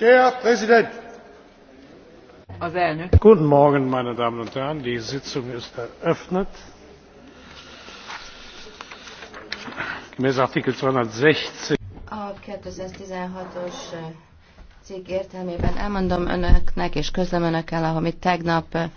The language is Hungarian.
Der Präsident! Az Guten Morgen, meine Damen und Herren. Die Sitzung ist eröffnet. Gemäß Artikel 216. A 2016-os cikk értelmében elmondom önöknek és közlöm önökkel, amit tegnap